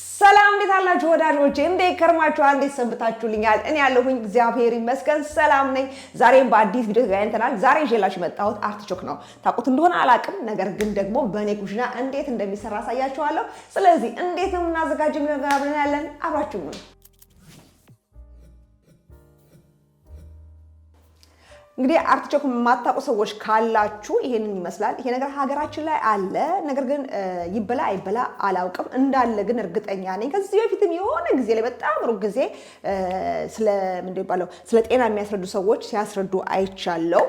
ሰላም እንዴት አላችሁ ወዳጆቼ? እንዴት ከርማችኋል? እንዴት ሰንብታችሁልኛል? እኔ ያለሁኝ እግዚአብሔር ይመስገን ሰላም ነኝ። ዛሬም በአዲስ ቪዲዮ ተገናኝተናል። ዛሬ ይዤላችሁ የመጣሁት አርቲቾክ ነው። ታውቁት እንደሆነ አላውቅም፣ ነገር ግን ደግሞ በእኔ ኩሽና እንዴት እንደሚሰራ አሳያችኋለሁ። ስለዚህ እንዴት ነው የምናዘጋጀው የሚለውን ብለን ያለን አብራችሁ እንግዲህ አርቲቾክ የማታውቁ ሰዎች ካላችሁ ይሄንን ይመስላል። ይሄ ነገር ሀገራችን ላይ አለ። ነገር ግን ይበላ አይበላ አላውቅም። እንዳለ ግን እርግጠኛ ነኝ። ከዚህ በፊትም የሆነ ጊዜ ላይ በጣም ሩቅ ጊዜ ስለምንባለው ስለ ጤና የሚያስረዱ ሰዎች ሲያስረዱ አይቻለው።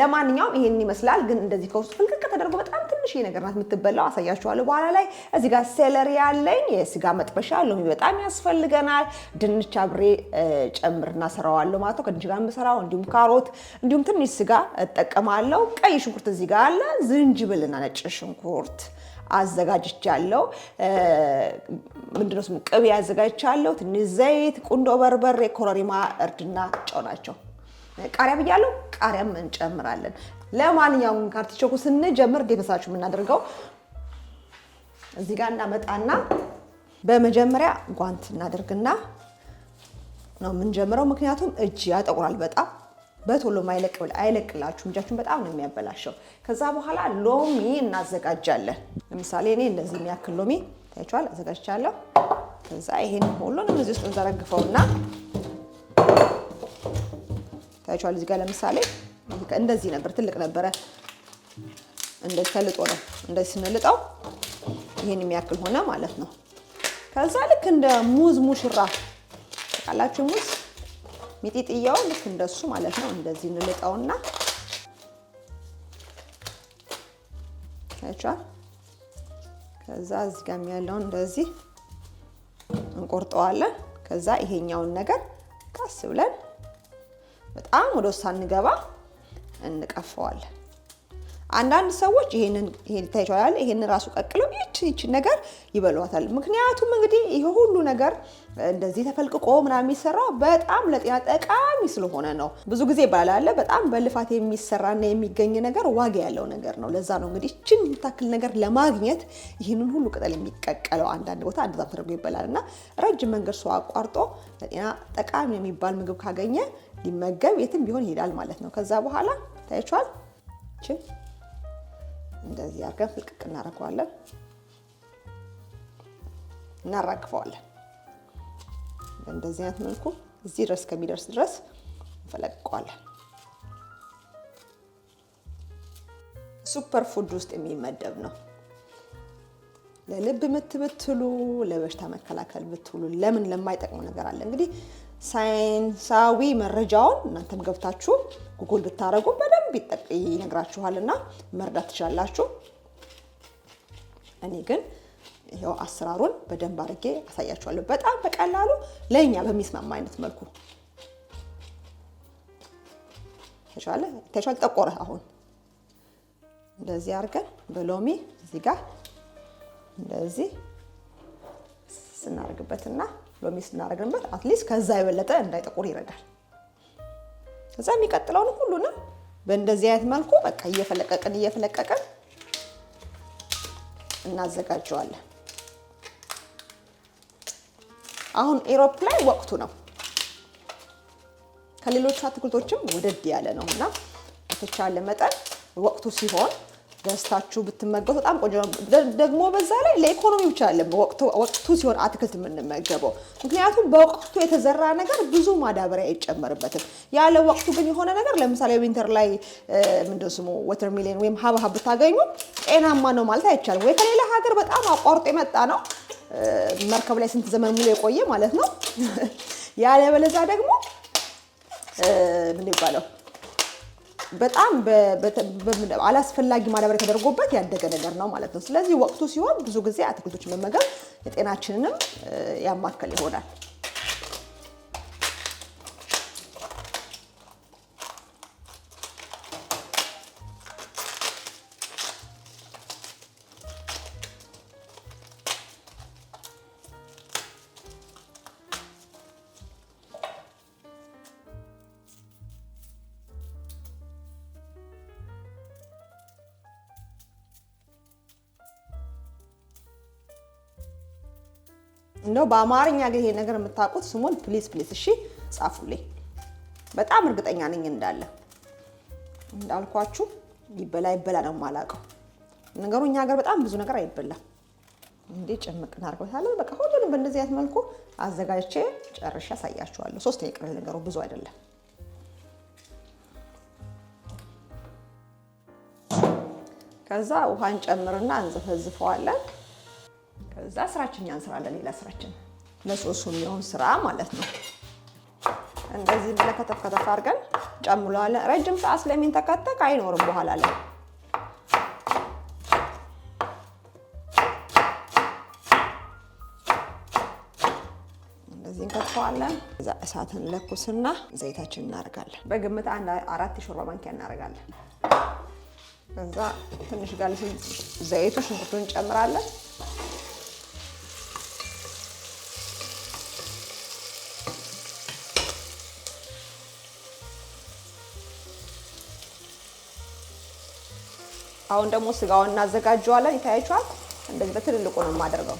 ለማንኛውም ይሄንን ይመስላል። ግን እንደዚህ ከውስጥ ፍልቅቅ ተደርጎ ትንሽ ነገር ናት የምትበላው። አሳያችኋለሁ በኋላ ላይ። እዚህ ጋር ሴለሪ ያለኝ የስጋ መጥበሻ፣ ሎሚ በጣም ያስፈልገናል። ድንች አብሬ ጨምርና ሰራዋለሁ ማለት ነው። ከድንች ጋር የምሰራው እንዲሁም ካሮት፣ እንዲሁም ትንሽ ስጋ እጠቀማለሁ። ቀይ ሽንኩርት እዚህ ጋር አለ። ዝንጅብልና ነጭ ሽንኩርት አዘጋጅቻለሁ። ምንድነው ስሙ ቅቤ አዘጋጅቻለሁ። ትንሽ ዘይት፣ ቁንዶ በርበሬ፣ ኮረሪማ፣ እርድና ጨው ናቸው። ቃሪያ ብያለሁ። ቃሪያም እንጨምራለን። ለማንኛውም ካርቲቾኩ ስንጀምር ደበሳችሁ የምናደርገው እዚህ ጋር እናመጣና በመጀመሪያ ጓንት እናደርግና ነው የምንጀምረው። ምክንያቱም እጅ ያጠቁራል በጣም በቶሎ አይለቅላችሁም፣ እጃችሁን በጣም ነው የሚያበላሸው። ከዛ በኋላ ሎሚ እናዘጋጃለን። ለምሳሌ እኔ እንደዚህ የሚያክል ሎሚ ታያችኋል አዘጋጅቻለሁ። ከዛ ይሄን ሁሉንም እዚህ ውስጥ እንዘረግፈውና ታያችኋል እዚህ ጋር ለምሳሌ እንደዚህ ነበር፣ ትልቅ ነበረ። እንደዚህ ተልጦ ነው። እንደዚህ ስንልጠው ይህን የሚያክል ሆነ ማለት ነው። ከዛ ልክ እንደ ሙዝ ሙሽራ ቃላችሁ ሙዝ ሚጢጥያው ልክ እንደሱ ማለት ነው። እንደዚህ እንልጠውና ታይቷል። ከዛ እዚህ ጋር ያለውን እንደዚህ እንቆርጠዋለን። ከዛ ይሄኛውን ነገር ቀስ ብለን በጣም ወደ ውስጥ ሳንገባ እንቀፈዋለን። አንዳንድ ሰዎች ይሄንን ይሄን ታይቷል ይሄንን ራሱ ቀቅለው ይቺ ይቺ ነገር ይበሏታል። ምክንያቱም እንግዲህ ይሄ ሁሉ ነገር እንደዚህ ተፈልቅቆ ምናምን የሚሰራው በጣም ለጤና ጠቃሚ ስለሆነ ነው። ብዙ ጊዜ ባላለ በጣም በልፋት የሚሰራና የሚገኝ ነገር ዋጋ ያለው ነገር ነው። ለዛ ነው እንግዲህ ይችን የምታክል ነገር ለማግኘት ይህንን ሁሉ ቅጠል የሚቀቀለው። አንዳንድ ቦታ እንደዛ ተደርጎ ይበላል እና ረጅም መንገድ ሰው አቋርጦ ለጤና ጠቃሚ የሚባል ምግብ ካገኘ ሊመገብ የትም ቢሆን ይሄዳል ማለት ነው። ከዛ በኋላ ታይቷል እንደዚህ አድርገን ፍልቅቅ እናደርገዋለን፣ እናራግፈዋለን። በእንደዚህ አይነት መልኩ እዚህ ድረስ ከሚደርስ ድረስ እንፈለቅቀዋለን። ሱፐር ፉድ ውስጥ የሚመደብ ነው። ለልብ ምት ብትሉ፣ ለበሽታ መከላከል ብትሉ፣ ለምን ለማይጠቅሙ ነገር አለ እንግዲህ ሳይንሳዊ መረጃውን እናንተም ገብታችሁ ጉጉል ብታደረጉ በደንብ ይነግራችኋል እና መርዳት ትችላላችሁ። እኔ ግን ይኸው አሰራሩን በደንብ አድርጌ አሳያችኋለሁ። በጣም በቀላሉ ለእኛ በሚስማማ አይነት መልኩ ተቻለ ተቻለ ጠቆረ። አሁን እንደዚህ አድርገን በሎሚ እዚህ ጋር እንደዚህ ስናደርግበትና ሎሚ ስናደርግበት አትሊስት ከዛ የበለጠ እንዳይጠቁር ይረዳል። ከዛ የሚቀጥለውን ሁሉንም በእንደዚህ አይነት መልኩ በቃ እየፈለቀቀን እየፈለቀቅን እናዘጋጀዋለን። አሁን ኢሮፕ ላይ ወቅቱ ነው። ከሌሎቹ አትክልቶችም ወደድ ያለ ነው እና በተቻለ መጠን ወቅቱ ሲሆን ገዝታችሁ ብትመገቡ በጣም ቆንጆ ደግሞ በዛ ላይ ለኢኮኖሚ ብቻ አይደለም፣ ወቅቱ ሲሆን አትክልት የምንመገበው ምክንያቱም በወቅቱ የተዘራ ነገር ብዙ ማዳበሪያ አይጨመርበትም። ያለ ወቅቱ ግን የሆነ ነገር ለምሳሌ ዊንተር ላይ ምንድን ስሙ ወተር ሚሊዮን ወይም ሀብሀብ ብታገኙ ጤናማ ነው ማለት አይቻልም። ወይ ከሌላ ሀገር በጣም አቋርጦ የመጣ ነው መርከብ ላይ ስንት ዘመን ሙሉ የቆየ ማለት ነው። በለዛ ደግሞ ምን ይባለው በጣም አላስፈላጊ ማዳበሪያ ተደርጎበት ያደገ ነገር ነው ማለት ነው። ስለዚህ ወቅቱ ሲሆን ብዙ ጊዜ አትክልቶች መመገብ የጤናችንንም ያማከል ይሆናል። እንደው በአማርኛ ግን ይሄ ነገር የምታውቁት ስሙን ፕሊስ ፕሊስ እሺ ጻፉልኝ። በጣም እርግጠኛ ነኝ እንዳለ እንዳልኳችሁ ይበላ ይበላ ነው የማላውቀው ነገሩ። እኛ ሀገር በጣም ብዙ ነገር አይበላም። እንዴ ጭምቅ እናድርገታለን። በቃ ሁሉንም በእንደዚህ አይነት መልኩ አዘጋጅቼ ጨርሼ ያሳያችኋለሁ። ሶስት የቅርብ ነገሩ ብዙ አይደለም። ከዛ ውሃን ጨምርና እንዘፈዝፈዋለን። እዛ ስራችን ያን ስራ ለሌላ ስራችን ለሶሱ የሚሆን ስራ ማለት ነው። እንደዚህ ብለህ ከተፍ ከተፍ አድርገን ጨምለዋለን። ረጅም ሰዓት ስለሚንተከተክ አይኖርም በኋላ ላይ እንደዚህ እንከትፈዋለን። እዛ እሳትን ለኩስና ዘይታችን እናደርጋለን። በግምት አንድ አራት የሾርባ ማንኪያ እናደርጋለን። እዛ ትንሽ ጋል ዘይቱ ሽንኩርቱን እንጨምራለን። አሁን ደግሞ ስጋውን እናዘጋጀዋለን። ይታያችኋል። እንደዚህ በትልልቁ ነው የማደርገው።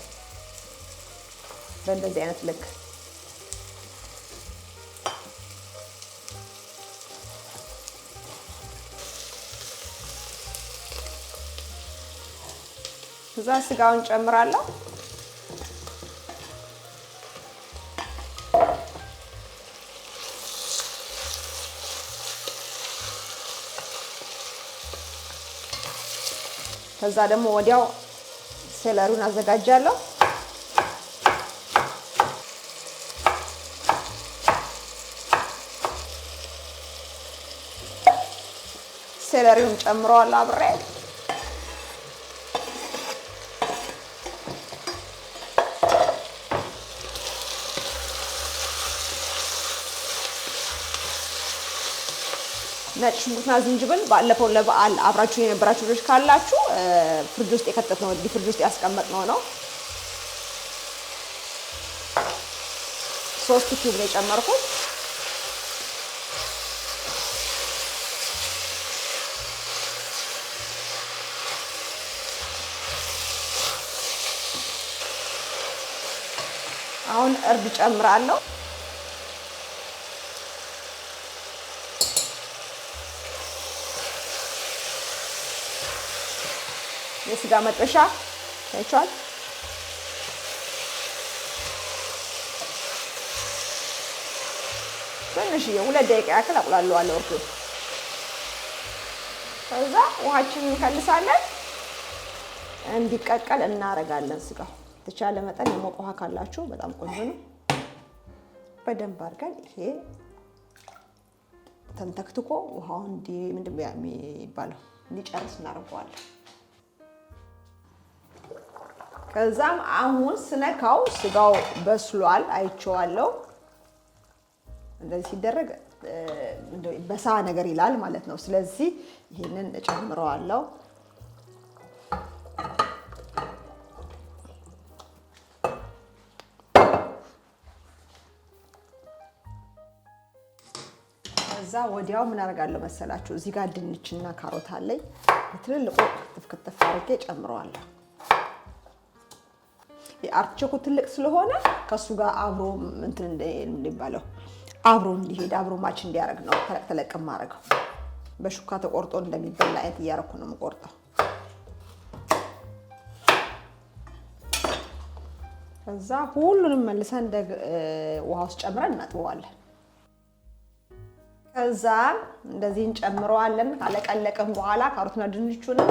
በእንደዚህ አይነት ልክ እዛ ስጋውን ጨምራለሁ። ከዛ ደግሞ ወዲያው ሴለሩን አዘጋጃለሁ። ሴለሪውን ጨምረዋለሁ አብሬ ነጭ ሽንኩርትና ዝንጅብል ባለፈው ለበዓል አብራችሁ የነበራችሁ ልጆች ካላችሁ ፍሪጅ ውስጥ ነው እንግዲህ ፍሪጅ ውስጥ ያስቀመጥነው ነው። ሶስት ኪዩብ ነው የጨመርኩት። አሁን እርድ ጨምራለሁ። የስጋ መጥበሻ ታይቷል። ትንሽዬ የሁለት ደቂቃ ያክል አቁላለዋለሁ እርዱን። ከዛ ውሃችንን እንከልሳለን እንዲቀቀል እናደርጋለን። ስጋው የተቻለ መጠን የሞቀ ውሃ ካላችሁ በጣም ቆንጆ ነው። በደንብ አድርገን ይሄ ተንተክትኮ ውሃው እንዲ ምንድን የሚባለው እንዲጨርስ እናደርገዋለን። ከዛም አሁን ስነካው ስጋው በስሏል፣ አይቼዋለሁ። እንደዚህ ሲደረግ በሳ ነገር ይላል ማለት ነው። ስለዚህ ይህንን እጨምረዋለሁ። ከዛ ወዲያው ምን አደርጋለሁ መሰላችሁ? እዚህ ጋር ድንችና ካሮት አለኝ። ትልልቁ ክትፍ ክትፍ አድርጌ ጨምረዋለሁ። አርቲቾኩ ትልቅ ስለሆነ ከእሱ ጋር አብሮ እንትን እንደሚባለው አብሮ እንዲሄድ አብሮ ማች እንዲያደርግ ነው ተለቅ ተለቅ ማድረገው። በሹካ ተቆርጦ እንደሚበላ አይነት እያደረኩ ነው የምቆርጠው። ከዛ ሁሉንም መልሰን ውሃ ውስጥ ጨምረን እናጥበዋለን። ከዛ እንደዚህ እንጨምረዋለን። ካለቀለቅን በኋላ ካሮትና ድንቹንም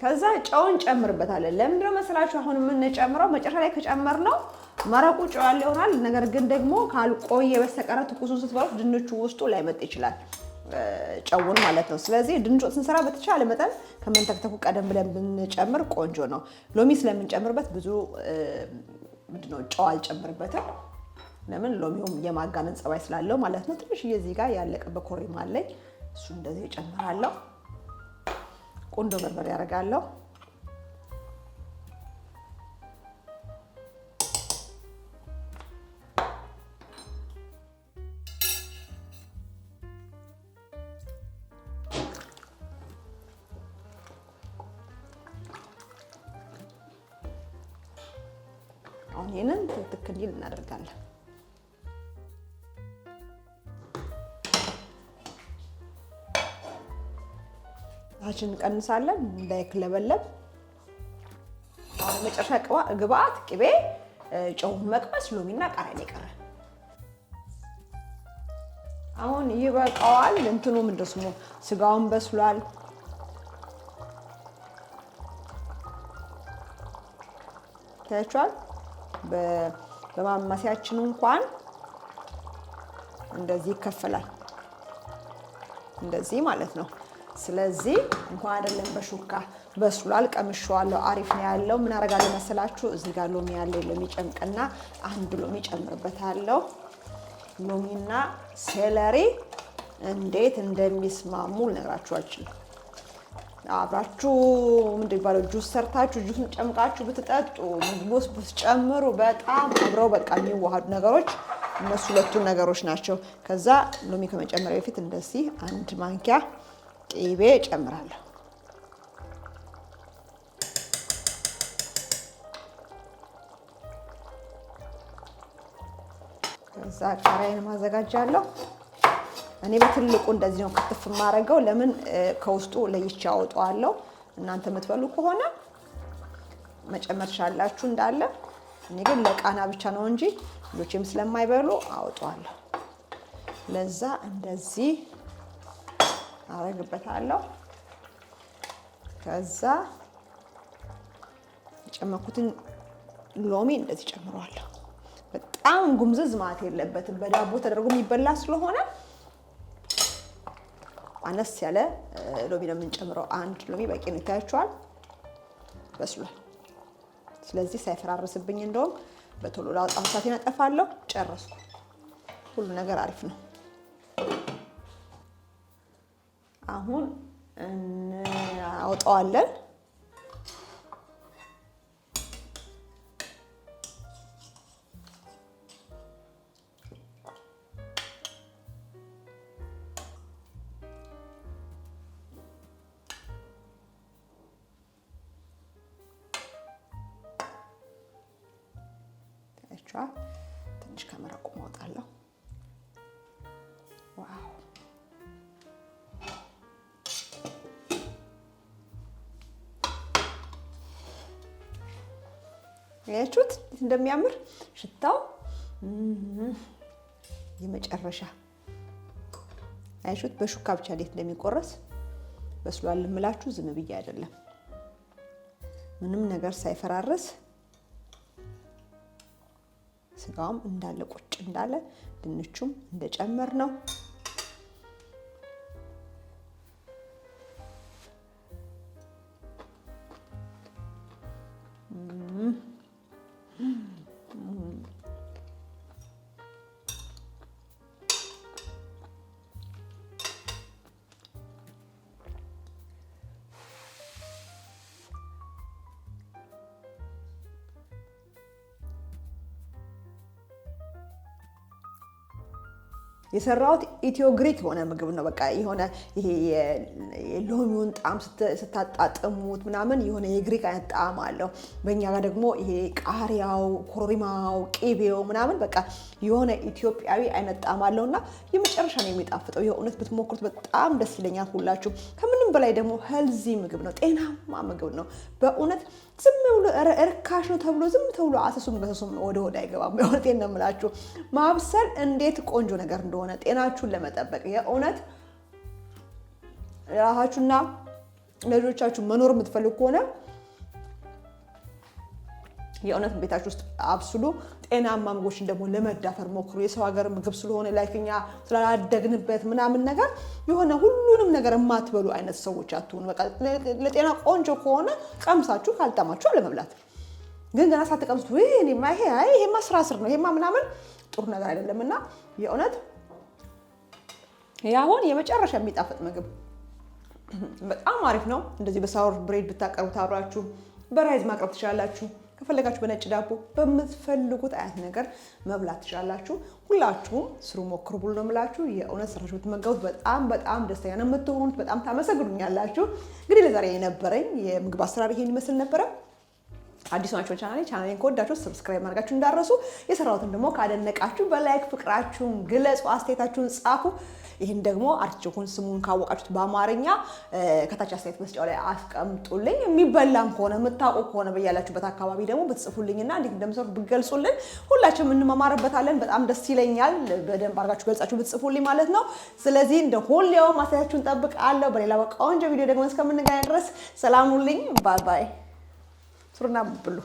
ከዛ ጨውን ጨምርበታለን። ለምንድነው መሰላችሁ አሁን የምንጨምረው? መጨረሻ ላይ ከጨመር ነው መረቁ ጨው ያለ ይሆናል። ነገር ግን ደግሞ ካልቆየ በስተቀረ ትኩሱን ስትበሉት ድንቹ ውስጡ ላይመጥ ይችላል፣ ጨውን ማለት ነው። ስለዚህ ድንቹ ስንሰራ በተቻለ መጠን ከመንተክተኩ ቀደም ብለን ብንጨምር ቆንጆ ነው። ሎሚ ስለምንጨምርበት ብዙ ምንድነው ጨው አልጨምርበትም። ለምን ሎሚውም የማጋነን ጸባይ ስላለው ማለት ነው። ትንሽ እዚህ ጋር ያለቀ በኮሪማ አለኝ እሱ እንደዚህ እጨምራለሁ። ቁንዶ በርበሬ አደርጋለሁ። እሳታችን እንቀንሳለን እንዳይክለበለብ። አሁን መጨረሻ ግብአት ቅቤ፣ ጨውን መቅመስ፣ ሎሚና ቃሪያ ቀረ። አሁን ይበቃዋል። እንትኑ ምንድን ስጋውን በስሏል። ታያችኋል። በማማሲያችን እንኳን እንደዚህ ይከፈላል። እንደዚህ ማለት ነው። ስለዚህ እንኳን አይደለም በሹካ በስሏል። ቀምሼዋለሁ። አሪፍ ነው ያለው። ምን አደርጋለሁ መሰላችሁ? እዚህ ጋር ሎሚ ያለው ሎሚ ጨምቅና አንድ ሎሚ ጨምርበታለሁ። ሎሚና ሴለሪ እንዴት እንደሚስማሙ ልነግራችኋችን አብራችሁ ምንድን የሚባለው ጁስ ሰርታችሁ ጁስን ጨምቃችሁ ብትጠጡ ምግብ ውስጥ ብትጨምሩ በጣም አብረው በቃ የሚዋሃዱ ነገሮች እነሱ ሁለቱን ነገሮች ናቸው። ከዛ ሎሚ ከመጨመሪያ በፊት እንደዚህ አንድ ማንኪያ ቅቤ እጨምራለሁ። ከዛ ቃሪያን ማዘጋጃለሁ። እኔ በትልቁ እንደዚህ ነው ክትፍ የማደርገው። ለምን ከውስጡ ለይቼ አወጣዋለሁ። እናንተ የምትበሉ ከሆነ መጨመር ትችላላችሁ እንዳለ። እኔ ግን ለቃና ብቻ ነው እንጂ ልጆችም ስለማይበሉ አወጣዋለሁ። ለዛ እንደዚህ አረግበታለሁ። ከዛ የጨመኩትን ሎሚ እንደዚህ ጨምሯለሁ። በጣም ጉምዝዝ ማለት የለበትም። በዳቦ ተደርጎ የሚበላ ስለሆነ አነስ ያለ ሎሚ ነው የምንጨምረው። አንድ ሎሚ በቂ ነው። ይታያችኋል፣ በስሏል። ስለዚህ ሳይፈራርስብኝ እንደውም በቶሎ ላውጣ፣ እሳቴን አጠፋለሁ። ጨረስኩ። ሁሉ ነገር አሪፍ ነው። አሁን እናወጣዋለን። ያችሁት እንደሚያምር ሽታው የመጨረሻ ያችሁት በሹካ ብቻ እንዴት እንደሚቆረስ በስሏል እምላችሁ ዝም ብዬ አይደለም ምንም ነገር ሳይፈራረስ ስጋውም እንዳለ ቁጭ እንዳለ ድንቹም እንደጨመር ነው የሰራሁት ኢትዮ ግሪክ የሆነ ምግብ ነው። በቃ የሆነ ይሄ የሎሚውን ጣዕም ስታጣጥሙት ምናምን የሆነ የግሪክ አይነት ጣዕም አለው። በእኛ ጋር ደግሞ ይሄ ቃሪያው፣ ኮሪማው፣ ቂቤው ምናምን በቃ የሆነ ኢትዮጵያዊ አይነት ጣዕም አለው እና የመጨረሻ ነው የሚጣፍጠው። የእውነት ብትሞክሩት በጣም ደስ ይለኛል ሁላችሁ። ከምንም በላይ ደግሞ ሄልዚ ምግብ ነው፣ ጤናማ ምግብ ነው። በእውነት ዝም ብሎ እርካሽ ነው ተብሎ ዝም ተብሎ አሰሱም ገሰሱም ወደ ሆድ አይገባም። በእውነቴን ነው የምላችሁ ማብሰል እንዴት ቆንጆ ነገር እንደሆነ እንደሆነ ጤናችሁን ለመጠበቅ የእውነት ራሳችሁና ልጆቻችሁ መኖር የምትፈልጉ ከሆነ የእውነት ቤታችሁ ውስጥ አብስሉ። ጤናማ ምግቦችን ደግሞ ለመዳፈር ሞክሩ። የሰው ሀገር ምግብ ስለሆነ ላይክኛ ስላላደግንበት ምናምን ነገር የሆነ ሁሉንም ነገር የማትበሉ አይነት ሰዎች አትሆኑ። ለጤና ቆንጆ ከሆነ ቀምሳችሁ ካልጠማችሁ ለመብላት ግን ገና ሳትቀምሱት ይሄ ይሄማ ስራ ስር ነው ይሄማ ምናምን ጥሩ ነገር አይደለም እና የእውነት ያሁን አሁን የመጨረሻ የሚጣፍጥ ምግብ በጣም አሪፍ ነው። እንደዚህ በሳወር ብሬድ ብታቀርቡት አብራችሁ በራይዝ ማቅረብ ትችላላችሁ። ከፈለጋችሁ በነጭ ዳቦ በምትፈልጉት አይነት ነገር መብላት ትችላላችሁ። ሁላችሁም ስሩ፣ ሞክሩ ብሎ ነው የምላችሁ። የእውነት ስራችሁ ብትመገቡት በጣም በጣም ደስተኛ ነው የምትሆኑት። በጣም ታመሰግኑኛላችሁ። እንግዲህ ለዛሬ የነበረኝ የምግብ አሰራር ይሄን ይመስል ነበረ። አዲስ ናቸውን ቻናሌ ቻናሌን ከወዳችሁ ሰብስክራይብ ማድረጋችሁ እንዳረሱ፣ የሰራሁትን ደግሞ ካደነቃችሁ በላይክ ፍቅራችሁን ግለጹ፣ አስተያየታችሁን ጻፉ። ይህን ደግሞ አርቲስቱን ስሙን ካወቃችሁት በአማርኛ ከታች አስተያየት መስጫው ላይ አስቀምጡልኝ። የሚበላም ከሆነ የምታውቁ ከሆነ በያላችሁበት አካባቢ ደግሞ ብትጽፉልኝና እንዴት እንደምሰሩት ብገልጹልን ሁላችንም እንማማርበታለን። በጣም ደስ ይለኛል፣ በደንብ አድርጋችሁ ገልጻችሁ ብትጽፉልኝ ማለት ነው። ስለዚህ እንደ ሁሌውም አስተያየታችሁን ጠብቃለሁ። በሌላ በቃ ቆንጆ ቪዲዮ ደግሞ እስከምንገናኝ ድረስ ሰላሙልኝ። ባይ ባይ። blue.